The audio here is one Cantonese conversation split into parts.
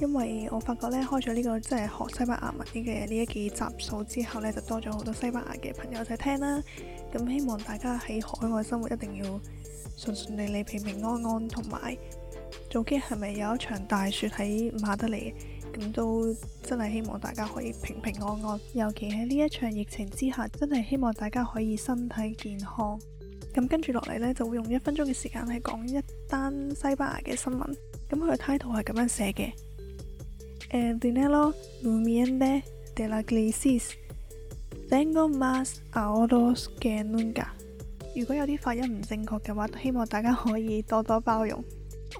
因為我發覺咧，開咗呢、這個即係學西班牙文嘅呢一幾集數之後呢就多咗好多西班牙嘅朋友仔聽啦。咁、嗯、希望大家喺海外生活一定要順順利利、平平安安，同埋早幾日係咪有一場大雪喺馬德里？咁都真係希望大家可以平平安安，尤其喺呢一場疫情之下，真係希望大家可以身體健康。咁、嗯、跟住落嚟呢，就會用一分鐘嘅時間去講一單西班牙嘅新聞。咁佢嘅 title 係咁樣寫嘅。El dinero durmiente de la crisis. Tengo más ahorros que nunca。如果有啲發音唔正確嘅話，都希望大家可以多多包容。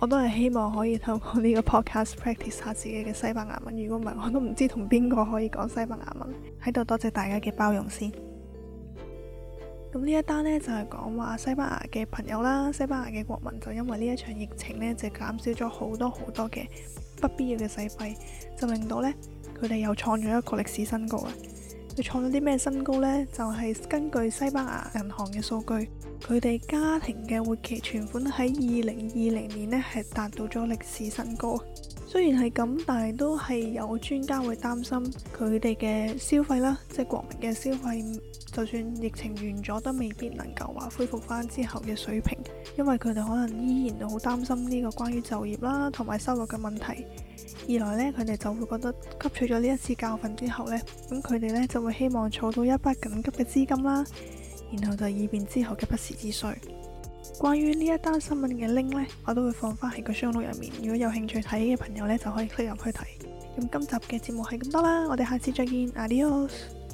我都係希望可以透過呢個 podcast practice 下自己嘅西班牙文。如果唔係，我都唔知同邊個可以講西班牙文。喺度多謝大家嘅包容先。咁呢一單呢，就係、是、講話西班牙嘅朋友啦，西班牙嘅國民就因為呢一場疫情呢，就減少咗好多好多嘅。不必要嘅使費，就令到咧，佢哋又創咗一個歷史新高啦。佢創咗啲咩新高呢？就係根據西班牙銀行嘅數據，佢哋家庭嘅活期存款喺二零二零年呢係達到咗歷史新高。雖然係咁，但係都係有專家會擔心佢哋嘅消費啦，即係國民嘅消費，就算疫情完咗都未必能夠話恢復翻之後嘅水平，因為佢哋可能依然好擔心呢個關於就業啦同埋收入嘅問題。二來呢，佢哋就會覺得吸取咗呢一次教訓之後呢，咁佢哋呢就會希望儲到一筆緊急嘅資金啦，然後就以便之後嘅不時之需。關於呢一單新聞嘅 link 咧，我都會放返喺個箱錄入面，如果有興趣睇嘅朋友呢，就可以 click 入去睇。咁今集嘅節目係咁多啦，我哋下次再見，Adios。Ad